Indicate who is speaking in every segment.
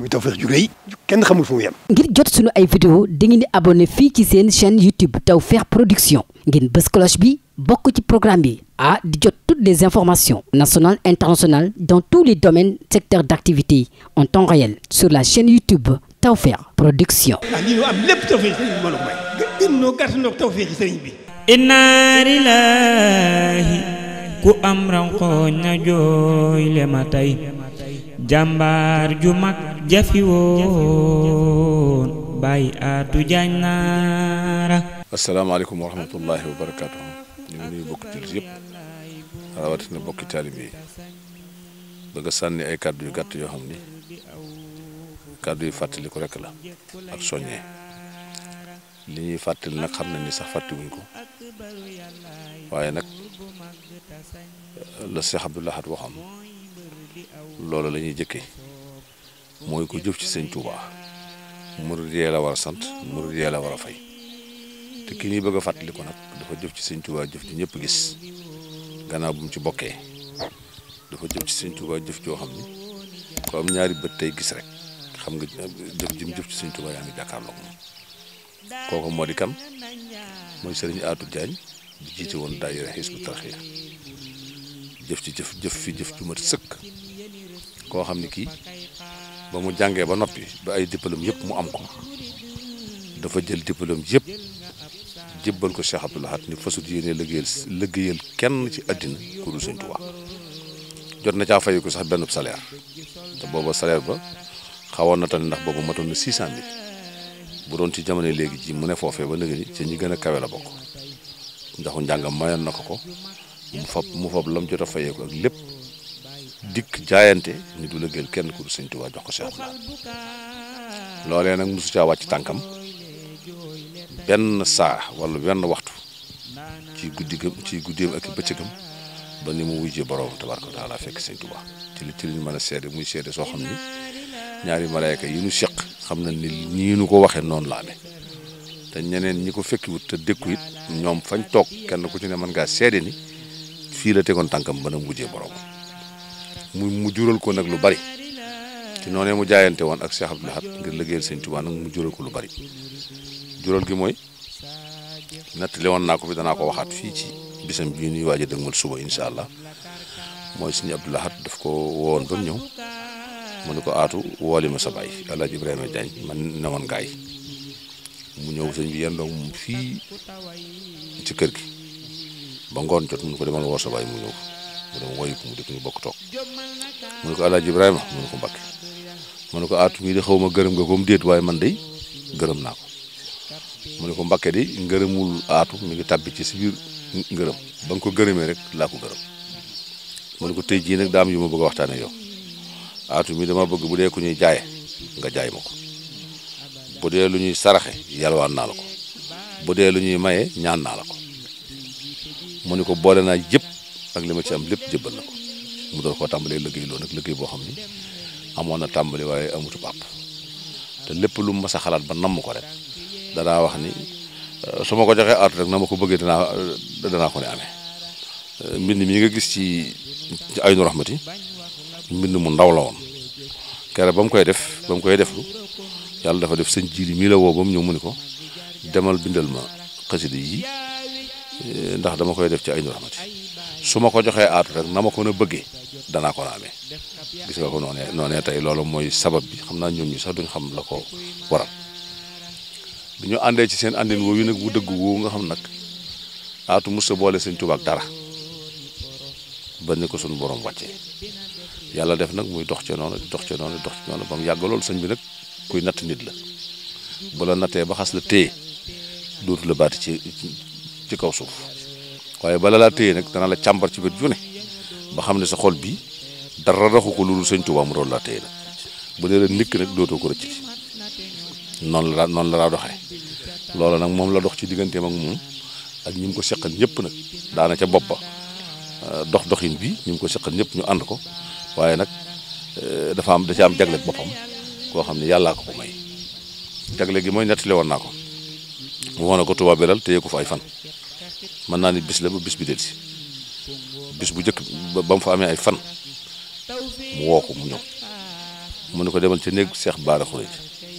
Speaker 1: muy Tawfekh ju di abonné fii ci seen chaîne YouTube Tawfekh Production ngeen bës ci programme bi ah di jot toutes les informations nationales internationales dans tous les domaines secteurs d'activité en temps réel la chaîne YouTube Tawfekh Production. ah lii ñu am lépp Tawfekh sëriñ bi mbooloo mooy. ku am ranko ña jooy le ma jàmbaar ju mag jafi woon bàyyi aatu jaañ naara asalaamaaleykum wa wa barakaatu ñu ngi nuyu bokki jullit yëpp rawatina bokki taalibe yi bëgg sànni ay kàddu yu gàtt yoo xam ni kàddu yu fàttali ko rekk la ak soññee li ñuy fàttali nag xam nañ ni sax fàttiwuñ ko waaye nag la Seex Abdul Ahad waxam loolu la ñuy jëkke mooy ko jëf ci sëñ Tuubaa murid yee la war a sant murid yee la war a fay te ki ni bëgg a fàttali nag dafa jëf ci sëñ Tuubaa jëf ji ñépp gis gannaaw bu mu ci bokkee dafa jëf ci sëñ Tuubaa jëf joo xam ne ko am ñaari bët tey gis rek xam nga jëf ji mu jëf ci sëñ Tuubaa yaa ngi jàkkaarloog moom kooku moo di kan mooy sëriñ aatu Diagne di jiite woon daayira Hizbut Tarqiyyah jëf ci jëf jëf fi jëf ju mat sëkk koo xam ni kii ba mu jàngee ba noppi ba ay diplôme yëpp mu am ko dafa jël diplôme yëpp jébbal ko Cheikh Abdou Lahad ni fasut yéene liggéeyal liggéeyal kenn ci àddina ku dul Sëñ jot na caa fayeku sax benn salaire te booba salaire ba xawoon na tane ndax boobu matoon na 600 mille bu doon ci jamono léegi ji mu ne foofee ba léegi ca ñi gën a kawe la bokk ndaxu njàngam mayoon na ko ko mu fab mu fab lam jot a fayee ko ak lépp dikk jaayante ni du lëggeel kenn ku du sëñ Tuubaa jox ko Seex Abdul Ahad loolee nag mosu caa wàcc tànkam benn saa wala benn waxtu ci guddi gëm ci guddeem ak bëccëgam ba ni mu wujjee borom tabaaraka wa la fekk sëñ Tuubaa ci li ci liñ mën a seede muy seede soo xam ni ñaari malaayka yi ñu seq xam na ni nii ñu ko waxee noonu la amee te ñeneen ñi ko fekkiwut te dëkku it ñoom fañ toog kenn ku ci ne mën ngaa seede ni fii la tegoon tànkam ba na mujjee borom mu mu ko nag lu bari ci noonee mu jaayante woon ak Cheikh Abdou Lahad ngir liggéeyal Sëñ Tuubaa mu jural ko lu bari jural gi mooy nettali woon naa ko fi danaa ko waxaat fii ci bisam bii ñuy waaj a dëgmal incha allah mooy Sëñ Abdou Lahad daf ko wowoon ba ñëw mu ne ko aatu wooli ma sa baay El Hadj Ibrahima Diagne man newoon gaay mu ñëw sëñ bi yendoom fii ci kër gi. ba ngoon jot mun ko demal woo sa baay mu ñëw ko mu dikk bokk toog mu ne ko alaaji Ibrahima mu ne ko Mbàkke mu ne ko aatu mii de xaw ma gërëm nga ko mu déet waaye man de gërëm naa ko mu ne ko Mbàkke de ngërëmul aatu mi ngi tàbbi ci si biir ngërëm ko gërëmee rek laa mu ne ko tey jii nag daam yu ma bëgg aatu mi dama bëgg bu dee ko ñuy jaaye nga jaay ma ko bu dee lu ñuy saraxe yalwaan naa la ko bu dee lu ñuy maye ñaan naa la ko mu ni ko boole naa yëpp ak li ma ci am lépp jëbbal na ko mu door koo tàmbalee liggéey loo nag liggéey boo xam ni amoon na tàmbali waaye amutu pàpp te lépp lu mu mas a xalaat ba mu ko rek danaa wax ni euh, su ma ko joxee art rek na ma ko bëggee danaa danaa ko ne amee euh, mbind mi nga gis ci ay nu raxmati mbind mu ndaw la woon kere ba mu koy def ba mu koy deflu yàlla dafa def sëñ jiiri mii la woo ba ñëw mu ni ko demal bindal ma xasida yi Eh, ndax dama koy def ci ay nu raxmati su ma ko joxee aatu rek na ma ko na bëggee danaa ko raamee gis nga ko noonee noonee tey loolu mooy sabab bi xam naa ñun ñu sax duñ xam la ko waral bi ñu àndee ci seen àndin woowu nag bu dëgg woowu nga xam nag aatu musta boole sëñ Tuubaa dara ba ni ko suñu borom wàccee yàlla def nag muy dox ca noonu dox ca noonu dox ca noonu ba mu yàgg loolu sañ bi nag kuy natt nit la bu la nattee ba xas la téye dootu la baati ci ci kaw suuf waaye bala laa téye nag dana la càmbar ci bët ju ne ba xam ne sa xol bi dara raxu ko loolu sëñ Tuubaa mu doon laa téye nag bu dee la ndikk nag dootoo ko rëcc ci noonu la noonu la daa doxee loola nag moom la dox ci digganteem ak moom ak ñi mu ko seqal ñëpp nag daana ca bopp ba euh, dox doxin bi ñi mu ko seqal ñëpp ñu ànd ko waaye nag euh, dafa am da ci am jaglek boppam koo xam ne yàllaa ko ko may jagle gi mooy nettali woon naa ko mu wane ko Tuubaa belal téye ko fa ay fan mën naa ni bis la ba bis bi delsi bis bu njëkk ba mu fa amee ay fan mu woo ko mu ñëw mu ne ko demal ci néeg Seex Baara Xureej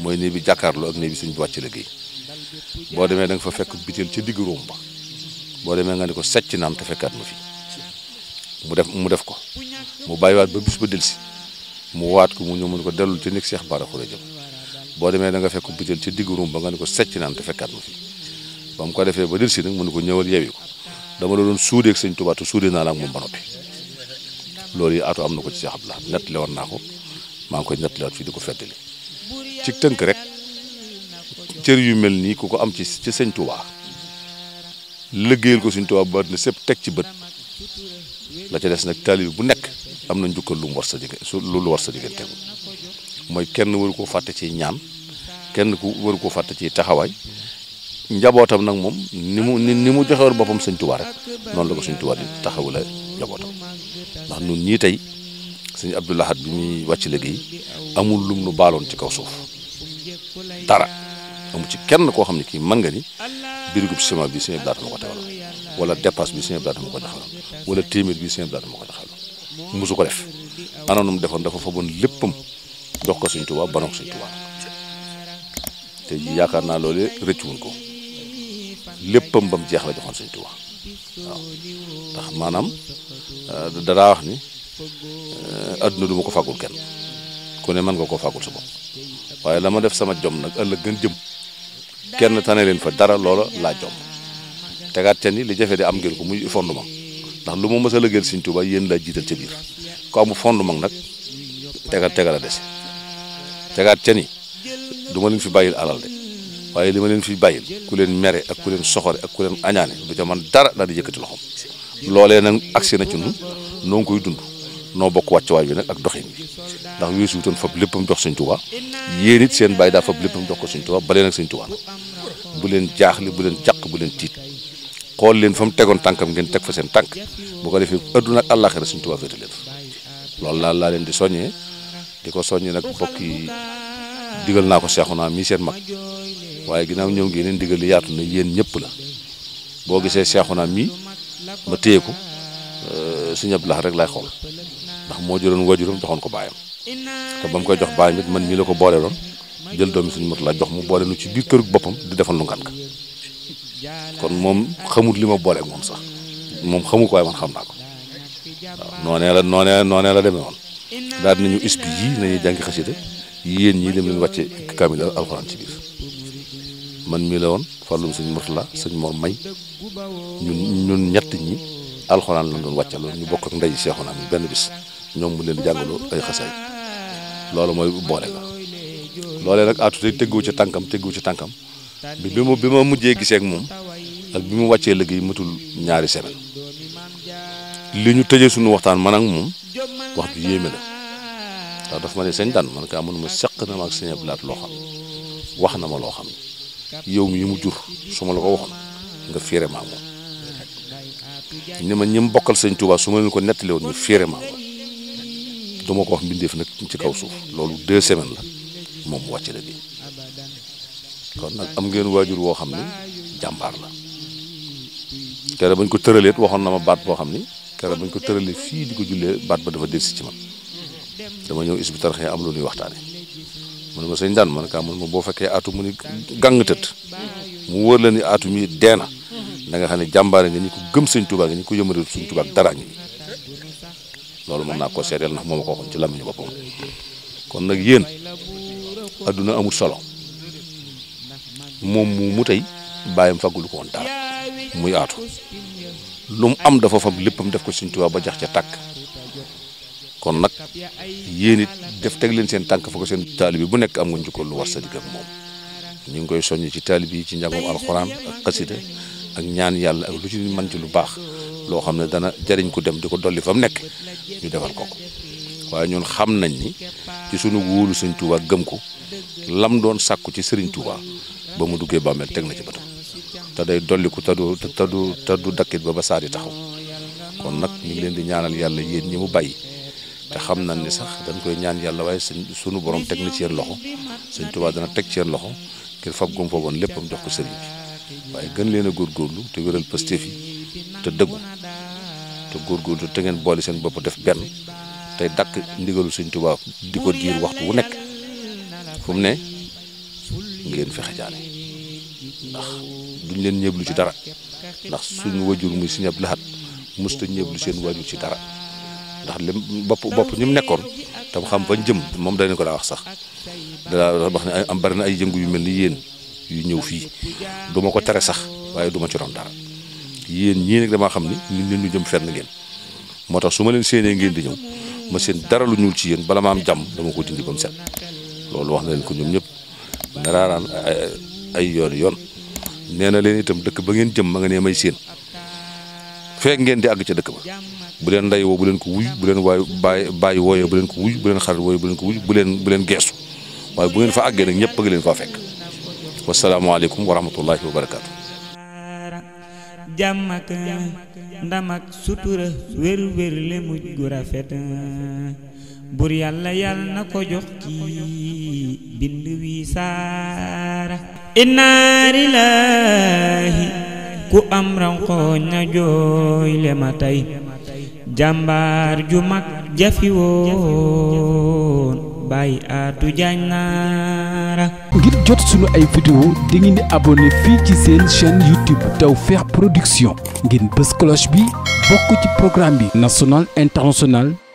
Speaker 1: mooy néeg bi jàkkaarloo ak néeg bi suñ bi wàcc liggéey boo demee da fa fekk bitéel ca digg róom boo demee nga ne ko secc naam te fekkaat mu def mu def ko mu bàyyiwaat ba bis ba delsi mu waat ko mu ñëw mu ne ko dellul ci néeg Seex Baara Xureej boo demee da nga fekk bitéel ca digg róom ba nga ne ko secc naan te fekkaat ma fi ba mu ko defee ba dir si nag mënu ko ñëwal yewi ko dama la doon suudee ak sëñ Tuubaa te suudee naa la ak moom ba loolu yi aatu am na ko ci Cheikh Abdou Lahad nett lewoon naa ko maa ngi koy nett lewaat fii di ko feddali ci tënk rek cër yu mel nii ku ko am ci ci sëñ Tuubaa liggéeyal ko sëñ Tuubaa ba àddina sépp teg ci bët la ca des nag taalibe bu nekk am na njukkal lu mu sa jigéen su lu war sa jigéen tegu mooy kenn waru koo fàtte ci ñaan kenn ku waru ko fàtte ci taxawaay njabootam nag moom ni mu ni mu joxewoon boppam sëñ Tuubaa rek noonu la ko sëñ Tuubaa di taxawula njabootam ndax ñun ñii tey sëñ Abdou Lahad bi muy wàcc liggéey amul lum nu baaloon ci kaw suuf dara amul ci kenn koo xam ne kii mën nga ni birigub ciment bi sëñ Abdou Lahad ma ko tewal wala dépasse bi sëñ Abdou Lahad ma ko joxaloon wala téeméer bi sëñ Abdou Lahad ma ko joxaloon mosu ko def mu defoon dafa fa bon léppam jox ko sëñ Tuubaa banoo ko sëñ yaakaar naa loolu rëccuwuñ ko léppam ba mu jeex la joxoon Sëñ Tuubaa waaw ndax maanaam euh, dadaa wax ni adduna euh, du ko fàggul kenn ku ne mën nga koo fàggul sa waaye la ma def sama jom nag ëllëg gën jëm kenn tane leen fa dara loola laa jom tegaat ca ni li jafe di am ngeen ko muy fondement ndax lu ma mës a lëggeel Sëñ Tuubaa yéen laa jiital ca biir ko amu mag nag tegal tegal a des tegaat ca ni leen fi bàyyil alal de waaye li ma leen fi bàyyil ku leen mere ak ku leen soxore ak ku leen añaane du ca man dara daal di yëkkati loxo loolee nag agsi na ci nun noo koy dund noo bokk wàccuwaay bi nag ak doxin bi ndax weesu wutoon fab léppam jox sëñ Tuubaa yéen it seen daa fab léppam jox ko sëñ Tuubaa ba leen ak sëñ bu leen jaaxle bu leen jàq leen tiit xool leen fa mu tegoon tànkam ngeen teg fa seen tànk bu ko defee adduna ak àllaaxira sëñ Tuubaa féete leen loolu laa laa leen di soññee di ko soññee nag mbokk yi digal naa ko seexu naa mii seen mag waaye ginnaaw ñëw ngi leen digal yaatu na yéen ñëpp la boo gisee Seexuna mi ma téye ko euh, Sëñ Abdu Lahad rek lay xool ndax moo jëloon waajuram joxoon ko baayam te koy jox baayam it man mii la ko booleeloon jël doomi Sëñ Murtala jox mu boole nu ci biir kërug boppam di defal nu ngan ka kon moom xamut li ma booleeg moom sax moom xamu ko waaye man xam naa ko waaw noonee la noonee noonee la demee woon daal dinañu ispi yii nañuy jàngi xasida yéen ñii dem leen wàcce kaamil alxuraan ci biir man mii la woon farlum sëñ Murtala sëñ Mor May ñun ñun ñett ñi alxuraan lañ doon wàccaloo ñu bokk ak ndey Seexuna mi benn bis ñoom mu leen jàngaloo ay xasaay loolu mooy boole la loolee nag aatu ci tànkam teggu ci tànkam bi bi ma mujjee gisee moom ak bi mu wàccee liggéey matul ñaari semaine li ñu tëjee suñu waxtaan man ak moom wax ju yéeme la ndax daf ma ne sëñ daan man kaa man ma seq na ma ak sëñ Abdu Lahat loo xam wax na ma loo xam. yow mi mu jur su ma la ko wax nga fiire maa moom ni ma ñi mu bokkal sëñ Tuubaa su ma leen ko nettali woon ñu fiire maa moom du ma ko wax mbindeef nag ci kaw suuf loolu deux semaine la moom wàcc la bi kon nag am ngeen waajur woo xam ne jàmbaar la kere bañ ko tëralee waxoon na ma baat boo xam ni kere bañ ko tëralee fii di ko jullee baat ba dafa delsi ci man dama ñëw isbitar xëy am lu ñuy waxtaane man ma sëñ daan man kaa man ma boo fekkee aatu mu ni gàng tët mu wóor la ni aatu mi dee na xam ne jàmbaare nga ñu ko gëm sëñ Tuubaa ko yëmale sëñ Tuubaa dara ñu loolu mën naa ko seedeel nax moom ma ko waxoon ci làmmiñu boppam kon nag yéen adduna amul solo moom mu mu tey bàyyam faggulu ko woon dara muy aatu lu mu am dafa fab léppam def ko sëñ Tuubaa ba jax ca tàkk kon nag yéen it def teg leen seen tànk fa ko seen taalibi bu nekk am nga njukkal lu war sa digg ak moom ñu ngi koy soññ ci taalibi yi ci njàngoom alxuraan ak xasida ak ñaan yàlla ak lu ci mën ci lu baax loo xam ne dana jariñ ko dem di ko dolli fa mu nekk ñu defal ko ko waaye ñun xam nañ ni ci sunu wóolu sëñ Touba gëm ko lam doon sàkku ci sëriñ Touba ba mu duggee bàmmeel teg na ci bëtam te day dolli ko te du te du te du dakkit ba ba saa di taxaw kon nag ñu ngi leen di ñaanal yàlla yéen ñi mu bàyyi. te xam na ni sax dañ koy ñaan yàlla waaye sunu boroom teg na ci yéen loxo sëñ Tuubaa dana teg ci yéen loxo ngir fab gum fa woon léppam jox ko sëriñ bi waaye gën leen a góorgóorlu te wéral Pastef yi te dëggu te góorgóorlu te ngeen boole seen bopp def benn tey dakk ndigalu sëñ Tuubaa di ko diir waxtu wu nekk fu mu ne ngeen fexe jaane ndax duñ leen ñëblu ci dara ndax suñu wajur muy si ñëb laxat musta ñëblu seen wajur ci dara ndax lim bopp bopp ñu nekkoon tam xam fañ jëm moom danañ ko daa wax sax daa wax ne am bari na ay yëngu yu mel ni yéen yu ñëw fii du ko tere sax waaye du ci ron dara yéen ñii nag damaa xam ni ñun ñu jëm fenn ngeen moo tax su ma leen séenee ngeen di ñëw ma seen dara lu ci yéen bala ma am jàmm dama ko dindi ba mu loolu wax na ko ñoom ñëpp naraaraan ay yoon yoon nee na leen itam dëkk ba ngeen jëm ma nga nee may seen feek ngeen di àgg ca dëkk ba bu leen nday woo bu leen ko wuy bu leen waay bàyyi bàyyi wooyee bu leen ko wuy bu leen xarit wooyee bu leen ko wuy bu leen bu waaye bu fa àggee nag ñëpp a ngi leen faa fekk wasalaamaaleykum wa rahmatullahi wa barakaatu. jàmm ak ndam ak sutura wér-wér le mujj yàlla yàlla na ko jox kii bind wi saara. innaari ku am ranqooñ na jooy le ma tey jàmbaar ju mag jafi woon bàyyi aatu jaañ naara ngir jot sunu ay vidéo di ngeen di fii ci seen chaîne YouTube Tawfekh Production ngeen bës cloche bi bokk ci programme bi national international